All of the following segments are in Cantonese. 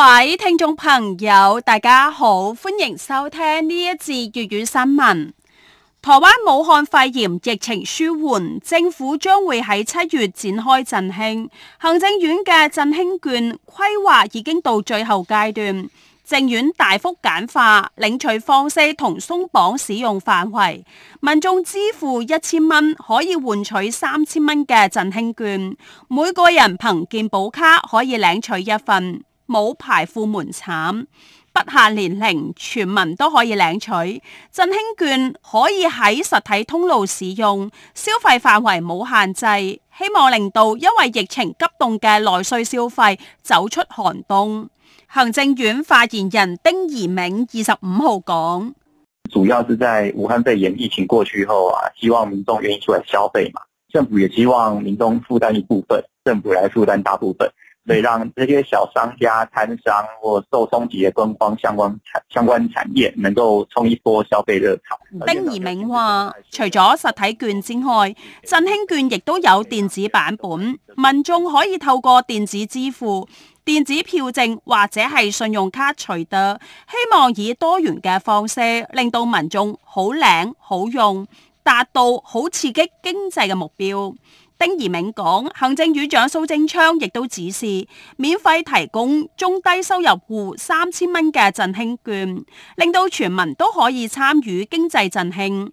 各位聽眾朋友，大家好，歡迎收聽呢一節粵語新聞。台灣武漢肺炎疫情舒緩，政府將會喺七月展開振興。行政院嘅振興券規劃已經到最後階段，政院大幅簡化領取方式同鬆綁使用範圍，民眾支付一千蚊可以換取三千蚊嘅振興券，每個人憑健保卡可以領取一份。冇排戶門檻，不限年齡，全民都可以領取振興券，可以喺實體通路使用，消費範圍冇限制。希望令到因為疫情急凍嘅內需消費走出寒冬。行政院發言人丁怡銘二十五號講：主要是在武漢肺炎疫情過去後啊，希望民眾願意出來消費嘛，政府也希望民眾負擔一部分，政府來負擔大部分。所以讓這些小商家、攤商或受衝擊嘅觀光相關相關產業能夠衝一波消費熱潮。丁怡銘話，除咗實體券之外，振興券亦都有電子版本，民眾可以透過電子支付、電子票證或者係信用卡取得，希望以多元嘅方式令到民眾好領好用，達到好刺激經濟嘅目標。丁宜明講，行政院長蘇貞昌亦都指示免費提供中低收入戶三千蚊嘅振興券，令到全民都可以參與經濟振興。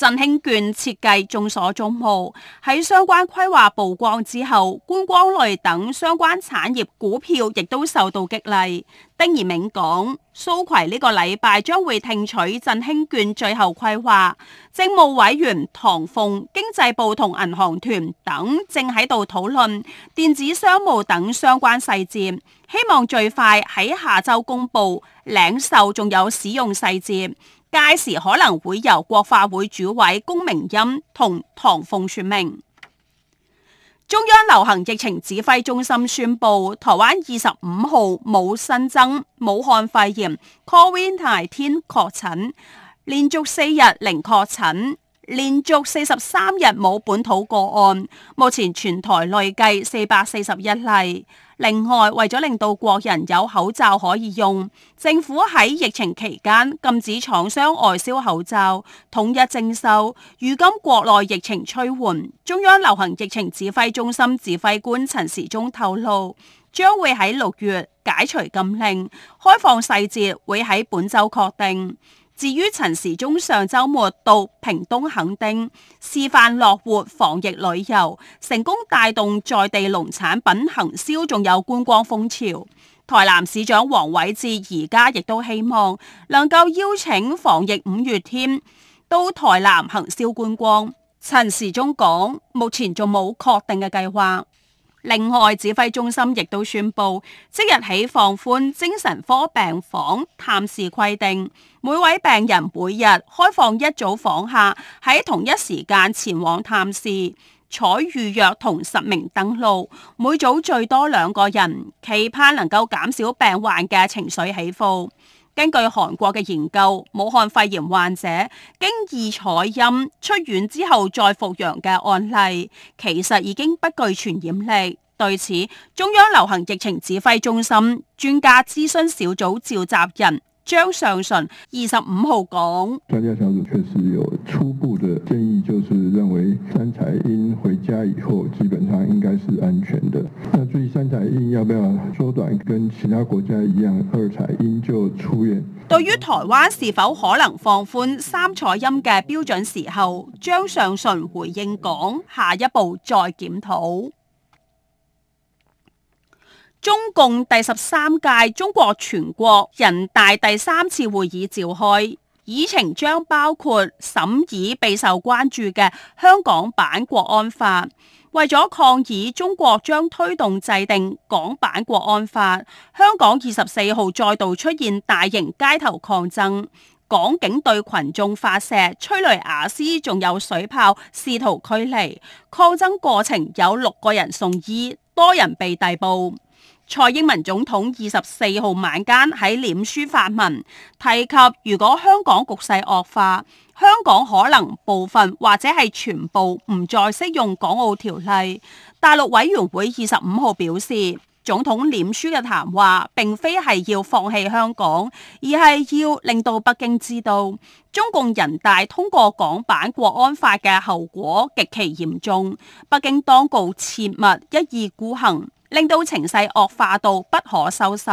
振興券設計眾所矚目，喺相關規劃曝光之後，觀光類等相關產業股票亦都受到激勵。丁怡銘講，蘇葵呢個禮拜將會聽取振興券最後規劃，政務委員唐鳳、同經濟部同銀行團等正喺度討論電子商務等相關細節，希望最快喺下周公布領售，仲有使用細節。屆時可能會由國法會主委龔明鑫同唐鳳說明。中央流行疫情指揮中心宣布，台灣二十五號冇新增武漢肺炎 COVID-19 確診，連續四日零確診，連續四十三日冇本土個案。目前全台累計四百四十一例。另外，為咗令到國人有口罩可以用，政府喺疫情期間禁止廠商外銷口罩，統一徵收。如今國內疫情趨緩，中央流行疫情指揮中心指揮官陳時中透露，將會喺六月解除禁令，開放細節會喺本周確定。至於陳時中上週末到屏東墾丁示範樂活防疫旅遊，成功帶動在地農產品行銷，仲有觀光風潮。台南市長黃偉哲而家亦都希望能夠邀請防疫五月天到台南行銷觀光。陳時中講：目前仲冇確定嘅計劃。另外，指揮中心亦都宣布即日起放寬精神科病房探視規定，每位病人每日開放一組訪客喺同一時間前往探視，採預約同實名登錄，每組最多兩個人，期盼能夠減少病患嘅情緒起伏。根據韓國嘅研究，武漢肺炎患者經二採陰出院之後再復陽嘅案例，其實已經不具傳染力。對此，中央流行疫情指揮中心專家諮詢小組召集人，張上淳二十五號講，專家小組確實有初步的建議，就是認為三採陰回家以後基本上應該是安全的。那至於三採陰要不要縮短，跟其他國家一樣，二採陰就出院。對於台灣是否可能放寬三採陰嘅標準時候，張上淳回應講，下一步再檢討。中共第十三屆中國全國人大第三次會議召開，議程將包括審議備受關注嘅香港版國安法。為咗抗議中國將推動制定港版國安法，香港二十四號再度出現大型街頭抗爭，港警對群眾發射催淚瓦斯，仲有水炮，試圖驅離。抗爭過程有六個人送醫，多人被逮捕。蔡英文總統二十四號晚間喺臉書發文，提及如果香港局勢惡化，香港可能部分或者係全部唔再適用《港澳條例》。大陸委員會二十五號表示，總統臉書嘅談話並非係要放棄香港，而係要令到北京知道，中共人大通過港版《國安法》嘅後果極其嚴重，北京當局切勿一意孤行。令到情勢惡化到不可收拾，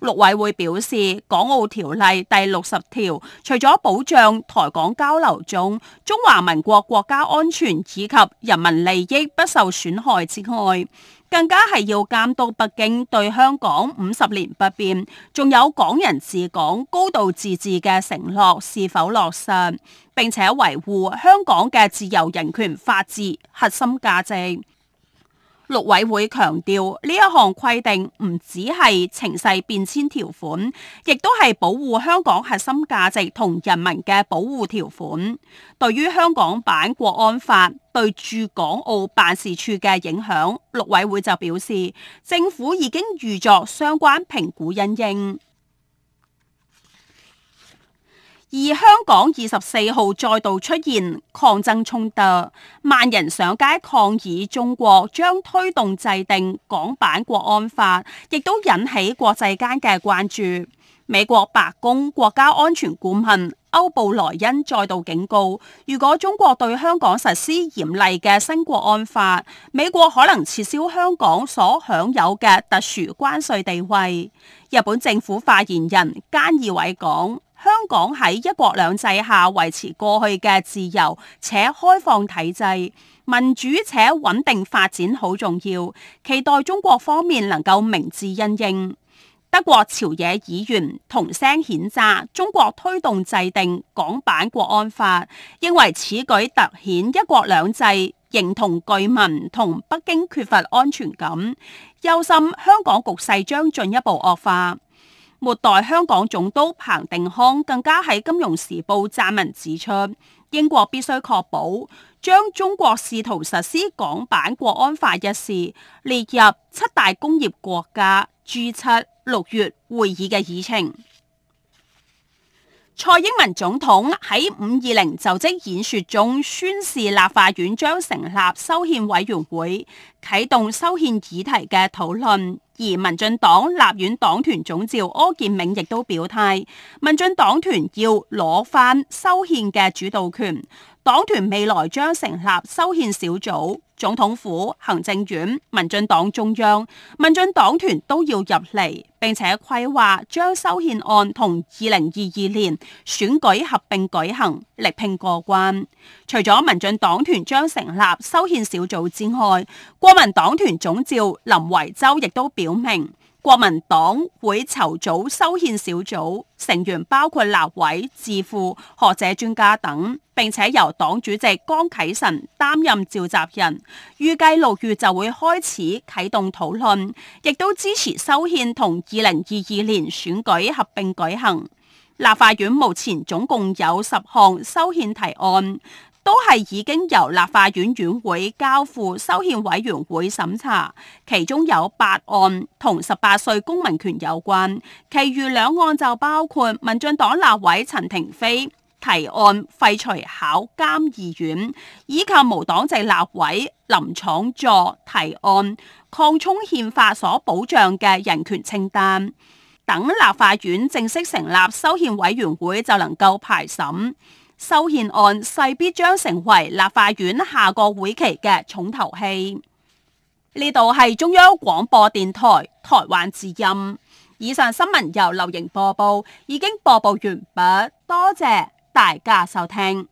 陸委會表示，《港澳條例》第六十條除咗保障台港交流中中華民國國家安全以及人民利益不受損害之外，更加係要監督北京對香港五十年不變，仲有港人治港、高度自治嘅承諾是否落實，並且維護香港嘅自由、人權、法治核心價值。六委會強調，呢一項規定唔只係情勢變遷條款，亦都係保護香港核心價值同人民嘅保護條款。對於香港版國安法對駐港澳辦事處嘅影響，六委會就表示，政府已經預作相關評估應認。而香港二十四號再度出現抗爭衝突，萬人上街抗議中國將推動制定港版國安法，亦都引起國際間嘅關注。美國白宮國家安全顧問歐布萊恩再度警告，如果中國對香港實施嚴厲嘅新國安法，美國可能撤銷香港所享有嘅特殊關稅地位。日本政府發言人菅義偉講。香港喺一國兩制下維持過去嘅自由且開放體制，民主且穩定發展好重要，期待中國方面能夠明智因應。德國朝野議員同聲譴責中國推動制定港版國安法，認為此舉凸顯一國兩制形同具文同北京缺乏安全感，憂心香港局勢將進一步惡化。末代香港總督彭定康更加喺《金融時報》撰文指出，英國必須確保將中國試圖實施港版國安法一事列入七大工業國家 G7 六月會議嘅議程。蔡英文總統喺五二零就職演說中宣示立法院將成立修憲委員會，啟動修憲議題嘅討論。而民進黨立院黨團總召柯建銘亦都表態，民進黨團要攞翻修憲嘅主導權，黨團未來將成立修憲小組。總統府、行政院、民進黨中央、民進黨團都要入嚟，並且規劃將修憲案同二零二二年選舉合併舉行，力拼過關。除咗民進黨團將成立修憲小組之外，國民黨團總召林維洲亦都表明。國民黨會籌組修憲小組，成員包括立委、智庫、學者、專家等，並且由黨主席江啟臣擔任召集人。預計六月就會開始啟動討論，亦都支持修憲同二零二二年選舉合併舉行。立法院目前總共有十項修憲提案。都係已經由立法院院會交付修憲委員會審查，其中有八案同十八歲公民權有關，其餘兩案就包括民進黨立委陳亭妃提案廢除考監二院，以及無黨籍立委林昶佐提案擴充憲法所保障嘅人權清單。等立法院正式成立修憲委員會，就能夠排審。修憲案勢必將成為立法院下個會期嘅重頭戲。呢度係中央廣播電台台灣之音。以上新聞由劉瑩播報，已經播報完畢。多謝大家收聽。